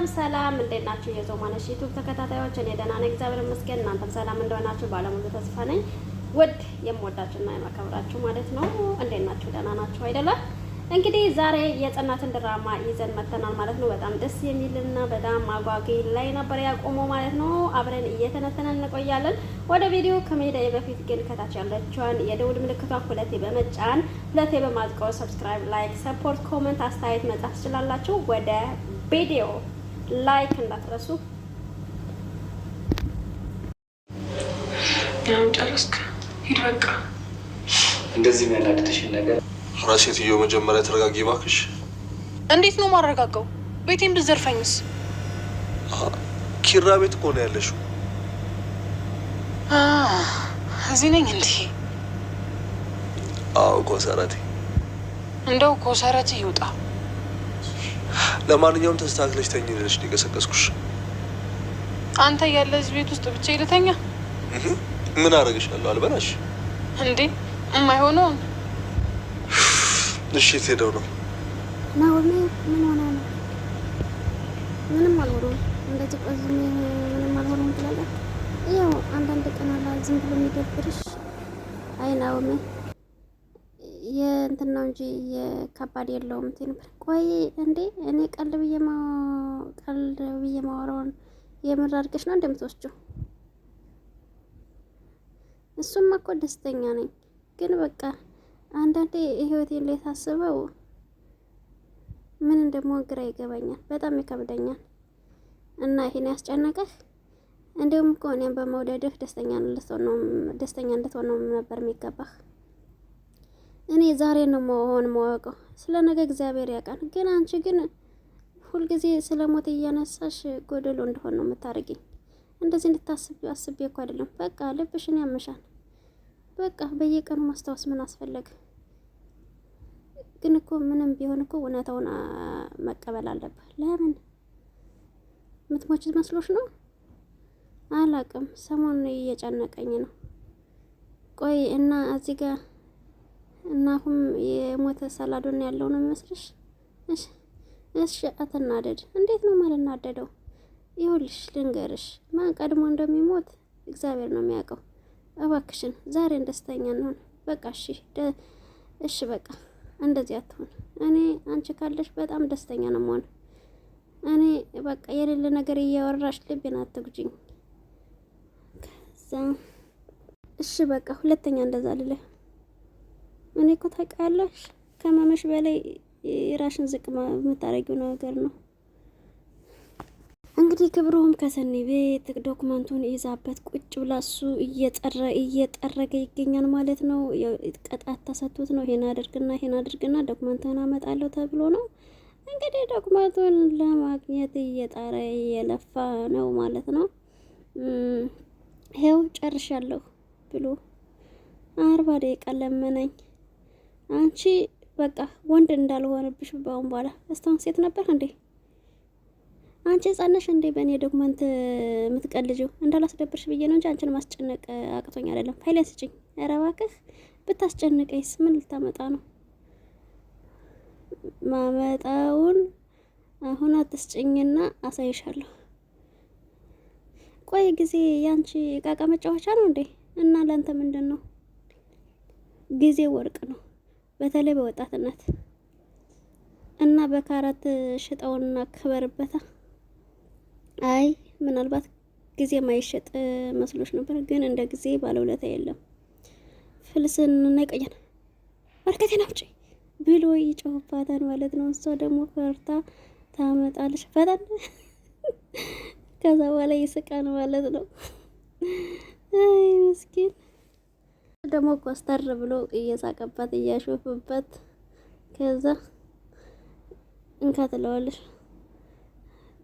ሰላም ሰላም፣ እንዴት ናችሁ? የዞማነሽ ዩቱብ ተከታታዮች፣ እኔ ደህና ነኝ እግዚአብሔር ይመስገን። እናንተም ሰላም እንደሆናችሁ ባለሙሉ ተስፋ ነኝ። ውድ የምወዳችሁና የማከብራችሁ ማለት ነው። እንዴት ናችሁ? ደህና ናችሁ አይደለም? እንግዲህ ዛሬ የጽናትን ድራማ ይዘን መተናል ማለት ነው። በጣም ደስ የሚልና በጣም አጓጊ ላይ ነበር ያቆመው ማለት ነው። አብረን እየተነተነን እንቆያለን። ወደ ቪዲዮ ከመሄድ በፊት ግን ከታች ያለችዋን የደውል ምልክቷን ሁለቴ በመጫን ሁለቴ በማጥቀው ሰብስክራይብ፣ ላይክ፣ ሰፖርት፣ ኮመንት አስተያየት መጻፍ ትችላላችሁ። ወደ ቪዲዮ ላይክ እንዳትረሱ። ያም ጨረስክ፣ ሂድ በቃ። እንደዚህ የሚያናድድሽን ነገር ሴትዮ መጀመሪያ ተረጋጊ እባክሽ። እንዴት ነው ማረጋጋው? ቤቴን ብትዘርፈኝስ? ኪራ ቤት እኮ ያለሽው። እዚህ ነኝ እንዴ? አዎ ኮሰረቴ፣ እንደው ኮሰረቴ ይውጣ። ለማንኛውም ተስተካክለሽ ተኝ ልልሽ ነው የቀሰቀስኩሽ። አንተ ያለ እዚህ ቤት ውስጥ ብቻ ይልተኛ ምን አደረግሻለሁ? አልበላሽ እንዴ? የማይሆነውን እሺ፣ ትሄደው ነው? ናሆሜ ምን ሆነ ነው? ምንም አልሆነም። እንደዚህ ቆዝሜ ምንም አልሆነም ትላለህ። ያው አንዳንድ ቀን አላ ዝም ብሎ የሚደብርሽ። አይ ናሆሜ የእንትን ነው እንጂ የከባድ የለውም። እንትን ቆይ እንዴ እኔ ቀልድ ብዬ ቀልድ ብዬ ማወራውን የምር አድርገሽ ነው እንደምትወስጂው? እሱም እኮ ደስተኛ ነኝ፣ ግን በቃ አንዳንዴ ህይወቴን ላይ ሳስበው ምን እንደምሆን ግራ ይገባኛል፣ በጣም ይከብደኛል። እና ይሄን ያስጨነቀህ እንዲሁም እኮ እኔም በመውደድህ ደስተኛ ነው ደስተኛ እንድትሆን ነው ነበር የሚገባህ። እኔ ዛሬ ነው መሆን ማወቀው ስለ ነገ እግዚአብሔር ያውቃል። ግን አንቺ ግን ሁልጊዜ ስለ ሞት እያነሳሽ ጎደሎ እንደሆን ነው የምታደርጊኝ። እንደዚህ እንድታስቢ አስቤ እኮ አይደለም። በቃ ልብሽን ያመሻል። በቃ በየቀኑ ማስታወስ ምን አስፈለገ? ግን እኮ ምንም ቢሆን እኮ እውነታውን መቀበል አለብህ። ለምን ምትሞች መስሎሽ ነው? አላቅም። ሰሞኑን እየጨነቀኝ ነው። ቆይ እና እዚህ ጋር እና አሁን የሞተ ሰላዶን ያለው ነው የሚመስልሽ? እሺ አትናደድ። እንዴት ነው ማልናደደው? ይኸውልሽ ልንገርሽ፣ ማን ቀድሞ እንደሚሞት እግዚአብሔር ነው የሚያውቀው። እባክሽን ዛሬን ደስተኛ እንሆን። በቃ እሺ፣ እሺ በቃ እንደዚህ አትሆን። እኔ አንቺ ካለሽ በጣም ደስተኛ ነው መሆን። እኔ በቃ የሌለ ነገር እያወራሽ ልቤን አትጉጂኝ። ከዛ እሺ በቃ ሁለተኛ እንደዛ ልልህ እኔ እኮ ታውቂያለሽ፣ ከመመሽ በላይ ራሽን ዝቅ የምታደርጊው ነገር ነው። እንግዲህ ክብሩም ከሰኒ ቤት ዶክመንቱን ይዛበት ቁጭ ብላ እሱ እየጠረገ ይገኛል ማለት ነው። ቅጣት ተሰጥቶት ነው። ይሄን አድርግና ይሄን አድርግና ዶክመንቱን አመጣለሁ ተብሎ ነው። እንግዲህ ዶክመንቱን ለማግኘት እየጣረ እየለፋ ነው ማለት ነው። ይኸው ጨርሻለሁ ብሎ አርባ ደቂቃ ለመነኝ። አንቺ በቃ ወንድ እንዳልሆንብሽ በአሁን በኋላ እስካሁን ሴት ነበር እንዴ? አንቺ ህጻን ነሽ እንዴ? በእኔ ዶክመንት የምትቀልጂው እንዳላስደብርሽ ብዬ ነው እንጂ አንቺን ማስጨነቅ አቅቶኝ አይደለም። ፋይሌን ስጭኝ። ኧረ እባክህ ብታስጨንቀይስ ምን ልታመጣ ነው? ማመጣውን አሁን አትስጭኝና አሳይሻለሁ። ቆይ ጊዜ ያንቺ እቃቃ መጫወቻ ነው እንዴ? እና ለአንተ ምንድን ነው ጊዜ? ወርቅ ነው። በተለይ በወጣትነት እና በካራት ሽጠውና ከበርበታ። አይ ምናልባት ጊዜ ማይሸጥ መስሎች ነበር፣ ግን እንደ ጊዜ ባለውለታ የለም። ፍልስንና ይቆያል በርከቴን አምጪ ብሎ ይጮህባታል ማለት ነው። እሷ ደግሞ ፈርታ ታመጣለች ፈጠን። ከዛ በኋላ ይስቃል ማለት ነው። አይ ምስኪን ደግሞ ኮስተር ብሎ እየሳቀበት እያሾፍበት ከዛ እንካ ትለዋለሽ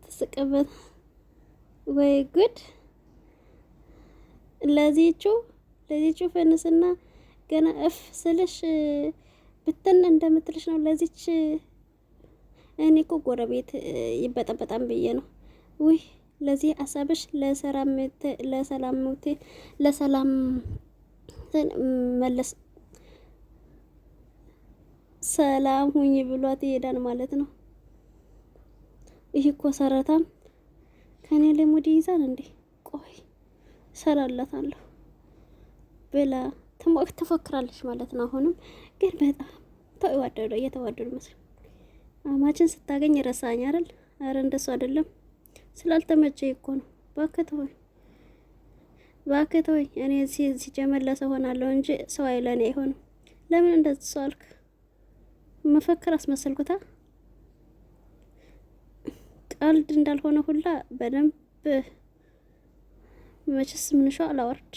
ትስቅበት። ወይ ጉድ! ለዚቹ ለዚቹ ፍንስና ገና እፍ ስልሽ ብትን እንደምትልሽ ነው። ለዚች እኔ እኮ ጎረቤት ይበጠበጣም ብዬ ነው። ውይ ለዚህ አሳብሽ ለሰላም ለሰላም መለስ ሰላም ሁኝ ብሏት ይሄዳል ማለት ነው። ይህ እኮ ሰረታም ከኔ ላይ ሙድ ይይዛል እንዴ? ቆይ ሰራላታለሁ ብላ ትፎክራለች ማለት ነው። አሁንም ግን በጣም ተዋደዱ እየተዋደዱ መስል አማችን ስታገኝ ረሳኝ አይደል? አረ እንደሱ አይደለም ስላልተመቸኝ እኮ ነው ባከተወኝ ወይ እኔ ሲጀመር ለሰው ሆናለሁ እንጂ ሰው አይለኔ አይሆንም። ለምን እንደዚህ ሰው አልክ? መፈክር አስመሰልኩታ። ቀልድ እንዳልሆነ ሁላ በደንብ መቼስ ምንሾ አላወርድ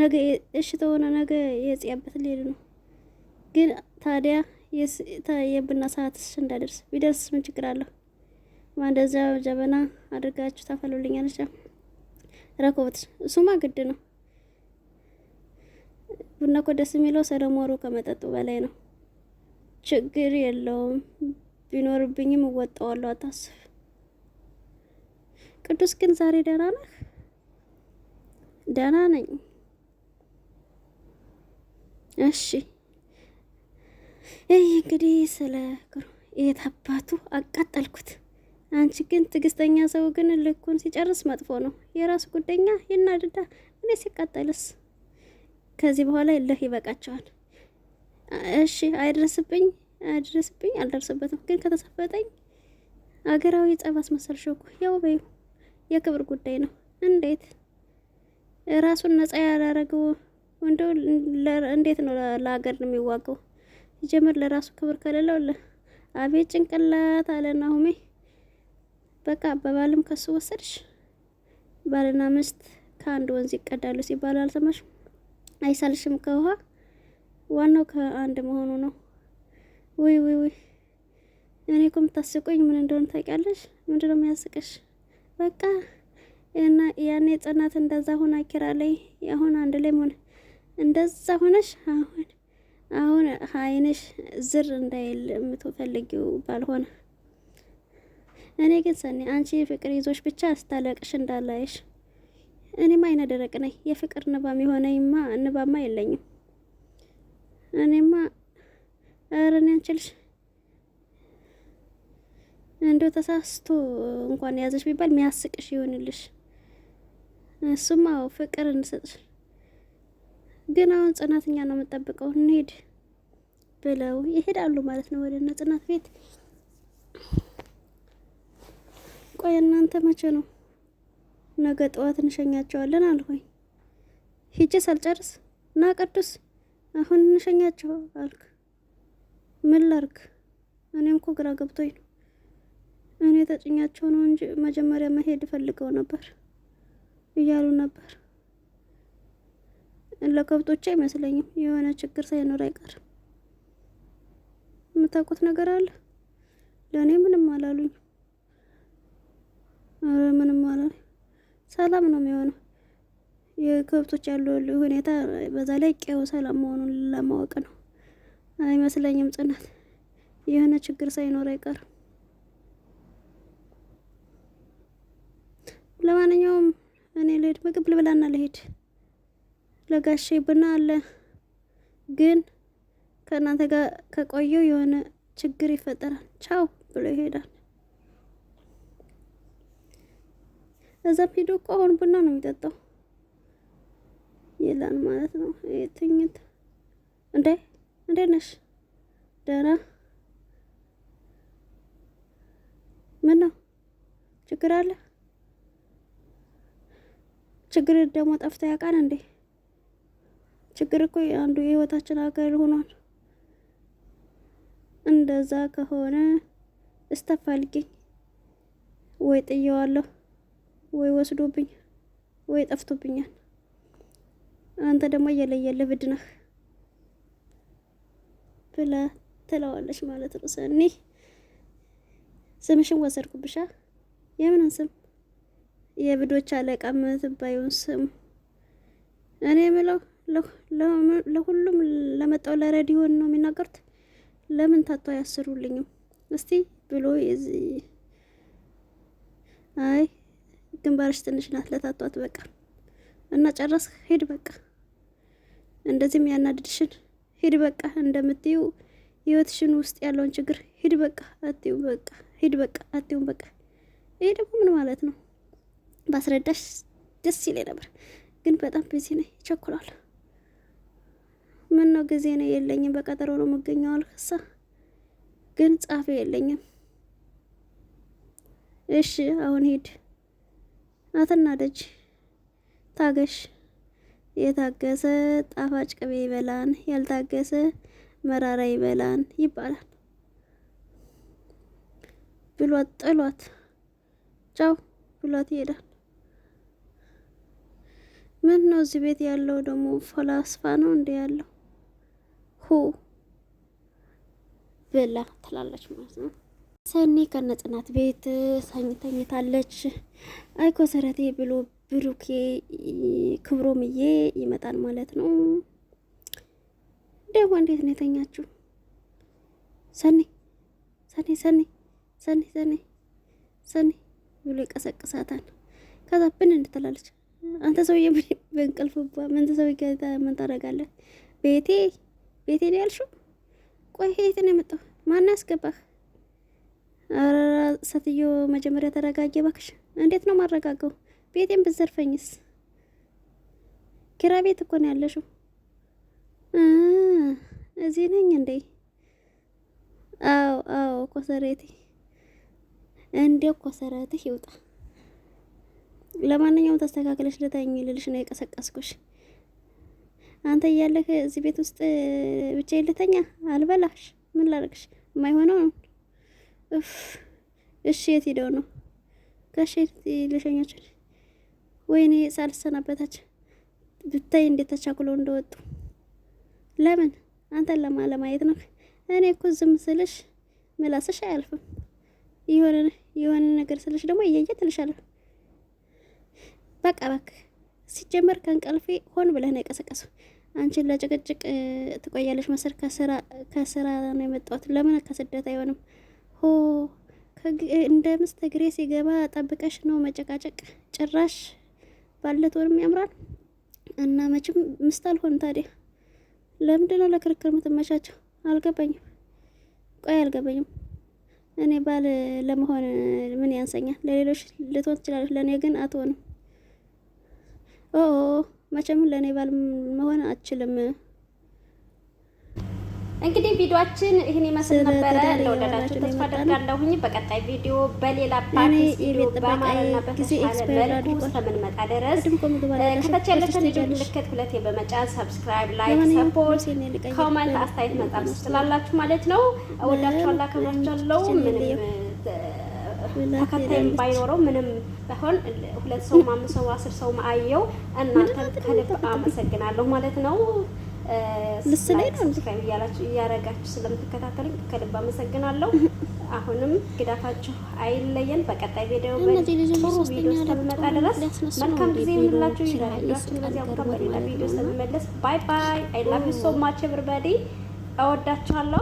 ነገ እሺ ተሆነ ነገ የጽያበት ሊሄድ ነው። ግን ታዲያ የቡና ሰዓት እንዳደርስ ቢደርስ ምን ችግር አለሁ? ማንደዛ ጀበና አድርጋችሁ ታፈሉልኛለች። ረኮቦት እሱማ ግድ ነው። ቡና እኮ ደስ የሚለው ሰለሞሩ ከመጠጡ በላይ ነው። ችግር የለውም ቢኖርብኝም እወጣዋለሁ፣ አታስብ። ቅዱስ ግን ዛሬ ደህና ነህ? ደህና ነኝ። እሺ ይህ እንግዲህ ስለ ይሄ አባቱ አቃጠልኩት። አንቺ ግን ትግስተኛ ሰው ግን ልኩን ሲጨርስ መጥፎ ነው። የራሱ ጉደኛ ይናድዳ፣ እኔ ሲቃጠልስ። ከዚህ በኋላ እልህ ይበቃቸዋል። እሺ አይደርስብኝ፣ አይደርስብኝ፣ አልደርስበትም። ግን ከተሰፈጠኝ አገራዊ ጸብ አስመሰልሽው እኮ። ያው በይ፣ የክብር ጉዳይ ነው። እንዴት ራሱን ነጻ ያላረገው ወንደው እንዴት ነው ለሀገር ነው የሚዋጋው? ጀመር ለራሱ ክብር ከሌለው አቤት ጭንቅላት አለ ናሁሜ በቃ በባልም ከሱ ወሰድሽ። ባልና ምስት ከአንድ ወንዝ ይቀዳሉ ሲባል አልሰማሽ? አይሳልሽም ከውሃ ዋናው ከአንድ መሆኑ ነው። ውይ ውይ ውይ! እኔ እኮ ምን እንደሆነ ታውቂያለሽ? ምንድነው የሚያስቅሽ? በቃ እና ያኔ ጽናት እንደዛ ሆና ኪራ ላይ አሁን አንድ ላይ ሆነ እንደዛ ሆነሽ አሁን አሁን አይንሽ ዝር እንዳይል የምትፈልጊው ባልሆነ እኔ ግን ሰኔ አንቺ የፍቅር ይዞሽ ብቻ ስታለቅሽ እንዳላይሽ። እኔማ አይነ ደረቅ ነኝ። የፍቅር ንባም የሆነኝማ ንባማ የለኝም። እኔማ እርን አንችልሽ እንዶ ተሳስቶ እንኳን ያዘሽ ቢባል ሚያስቅሽ ይሆንልሽ። እሱማ ፍቅር እንስጥሽ። ግን አሁን ጽናትኛ ነው የምጠብቀው። እንሄድ ብለው ይሄዳሉ ማለት ነው ወደ እነ ጽናት ቤት። ቆይ እናንተ መቼ ነው? ነገ ጠዋት እንሸኛቸዋለን አልሆኝ ሂጄ ሳልጨርስ ና ቅዱስ አሁን እንሸኛቸው አልክ። ምን ላርክ? እኔም እኮ ግራ ገብቶኝ ነው። እኔ ተጭኛቸው ነው እንጂ መጀመሪያ መሄድ ፈልገው ነበር እያሉ ነበር። ለከብቶች አይመስለኝም የሆነ ችግር ሳይኖር አይቀርም። የምታውቁት ነገር አለ። ለእኔ ምንም አላሉኝ። ምንም ሆነ ሰላም ነው የሚሆነው። የከብቶች ያለው ሁኔታ በዛ ላይ ቀው ሰላም መሆኑን ለማወቅ ነው አይመስለኝም። ጽናት የሆነ ችግር ሳይኖር አይቀርም። ለማንኛውም እኔ ልሄድ፣ ምግብ ልብላና ልሄድ። ለጋሼ ቡና አለ፣ ግን ከእናንተ ጋር ከቆየው የሆነ ችግር ይፈጠራል። ቻው ብሎ ይሄዳል። እዛም ሄዶ እኮ አሁን ቡና ነው የሚጠጣው ይላል ማለት ነው። ትኝት እንዴ እንዴ ነሽ? ደህና ምን ነው ችግር አለ? ችግር ደግሞ ጠፍታ ያውቃል እንዴ? ችግር እኮ አንዱ የህይወታችን ሀገር ሆኗል። እንደዛ ከሆነ እስተፋልጊኝ ወይ ጥየዋለሁ ወይ ወስዶብኝ ወይ ጠፍቶብኛል። አንተ ደግሞ እየለየለህ ብድ ነህ ብላ ትለዋለች ማለት ነው። ሰኒ ስምሽን ወሰድኩብሻ። የምንን ስም? የብዶች አለቃ የምትባዩን ስም። እኔ የምለው ለሁሉም ለመጣው ለረዲዮን ነው የሚናገሩት። ለምን ታቶ አያስሩልኝም? እስቲ ብሎ የዚህ አይ ግንባርሽ ትንሽ ናት ለታቷት። በቃ እና ጨረስ፣ ሄድ በቃ። እንደዚህም ያናድድሽን ሂድ በቃ። እንደምትዩ ህይወትሽን ውስጥ ያለውን ችግር ሂድ በቃ አትዩ በቃ ሂድ በቃ አትዩ በቃ። ይሄ ደግሞ ምን ማለት ነው? ባስረዳሽ ደስ ይለኝ ነበር፣ ግን በጣም ቢዚ ነኝ፣ ይቸኩላል። ምን ነው ጊዜ ነው የለኝም፣ በቀጠሮ ነው የምገኘው። አልክሳ ግን ጻፊ የለኝም። እሺ አሁን ሂድ። አትናደጅ፣ ታገሽ። የታገሰ ጣፋጭ ቅቤ ይበላን፣ ያልታገሰ መራራ ይበላን ይባላል ብሏት ጥሏት ጫው ብሏት ይሄዳል። ምን ነው እዚህ ቤት ያለው ደግሞ ፈላስፋ ነው እንዴ ያለው ሁ ብላ ትላለች ማለት ነው። ሰኒ ከነጽናት ቤት ተኝታለች። አይ ኮሰረቴ ብሎ ብሩኬ ክብሮምዬ ይመጣል ማለት ነው። ደግሞ እንዴት ነው የተኛችሁ? ሰኒ ሰኒ ሰኒ ሰኒ ሰኒ ሰኒ ብሎ ይቀሰቅሳታል። ከዛ ብን እንድትላለች። አንተ ሰውዬ በእንቅልፍ ምን ተሰው ምን ታደርጋለህ? ቤቴ ቤቴ ነው ያልሽው? ቆይ የት ነው የመጣው? ማን ያስገባህ? ሴትዮ መጀመሪያ ተረጋጊ እባክሽ። እንዴት ነው ማረጋገው? ቤቴን ብዘርፈኝስ? ኪራይ ቤት እኮ ነው ያለሽው። እዚህ ነኝ እንዴ? አዎ አዎ። ኮሰረቴ እንዴ? ኮሰረትህ ይውጣ። ለማንኛውም ተስተካክለሽ ልተኝ ልልሽ ነው የቀሰቀስኩሽ። አንተ እያለህ እዚህ ቤት ውስጥ ብቻ ልተኛ? አልበላሽ። ምን ላደርግሽ? የማይሆነው ነው እሺ የት ሄደው ነው ጋሼ? ልሸኛቸው ወይኔ ሳልሰናበታቸው ብታይ እንዴት ተቻኩለው እንደወጡ። ለምን አንተን ለማ ለማየት ነው። እኔ እኮ ዝም ስልሽ ምላስሽ አያልፍም። የሆነ ነገር ስልሽ ደግሞ እያየ ትልሻለሁ። በቃ እባክህ ሲጀመር ከንቀልፌ ሆን ብለህ ነው የቀሰቀሰው። አንቺን ለጭቅጭቅ ትቆያለሽ መሰል። ከስራ ነው የመጣሁት። ለምን ከስደት አይሆንም? ሆ እንደ ምስት ግሬ ሲገባ ጠብቀሽ ነው መጨቃጨቅ። ጭራሽ ባለት ወርም ያምራል እና መቼም ምስት አልሆን። ታዲያ ለምንድን ነው ለክርክር የምትመቻቸው? አልገባኝም። ቆይ አልገባኝም። እኔ ባል ለመሆን ምን ያንሰኛል? ለሌሎች ልትሆን ትችላለች፣ ለእኔ ግን አትሆንም። ኦ መቼም ለእኔ ባል መሆን አትችልም። እንግዲህ ቪዲዮአችን ይህን ይመስል ነበረ። እንደወደዳችሁ ተስፋ አደርጋለሁኝ። በቀጣይ ቪዲዮ በሌላ ፓርቲስ ቪዲዮ በአማርና በተሻለ መልኩ እስከምንመጣ ድረስ ከታች ያለችን ልጆች ምልክት በመጫን ሰብስክራይብ፣ ላይክ፣ ሰፖርት፣ ኮመንት አስተያየት መጣም ማለት ነው። እወዳችኋለሁ፣ አከብራችኋለሁ። ምንም ተከታይም ባይኖረው ምንም ባይሆን ሁለት ሰው አምስት ሰው አስር ሰው አየው። እናንተ ከልብ አመሰግናለሁ ማለት ነው። ምስሌ ነው እያረጋችሁ ስለምትከታተሉኝ ከልብ አመሰግናለሁ። አሁንም ግዳታችሁ አይለየን። በቀጣይ ቪዲዮ ጥሩ ቪዲዮ እስከምመጣ ድረስ መልካም ጊዜ ይሁንላችሁ። ይዳችሁን በዚያ ቦታ በሌላ ቪዲዮ ስለምመለስ ባይ ባይ። አይ ላቭ ዩ ሶ ማች ኤቨሪባዲ፣ እወዳችኋለሁ።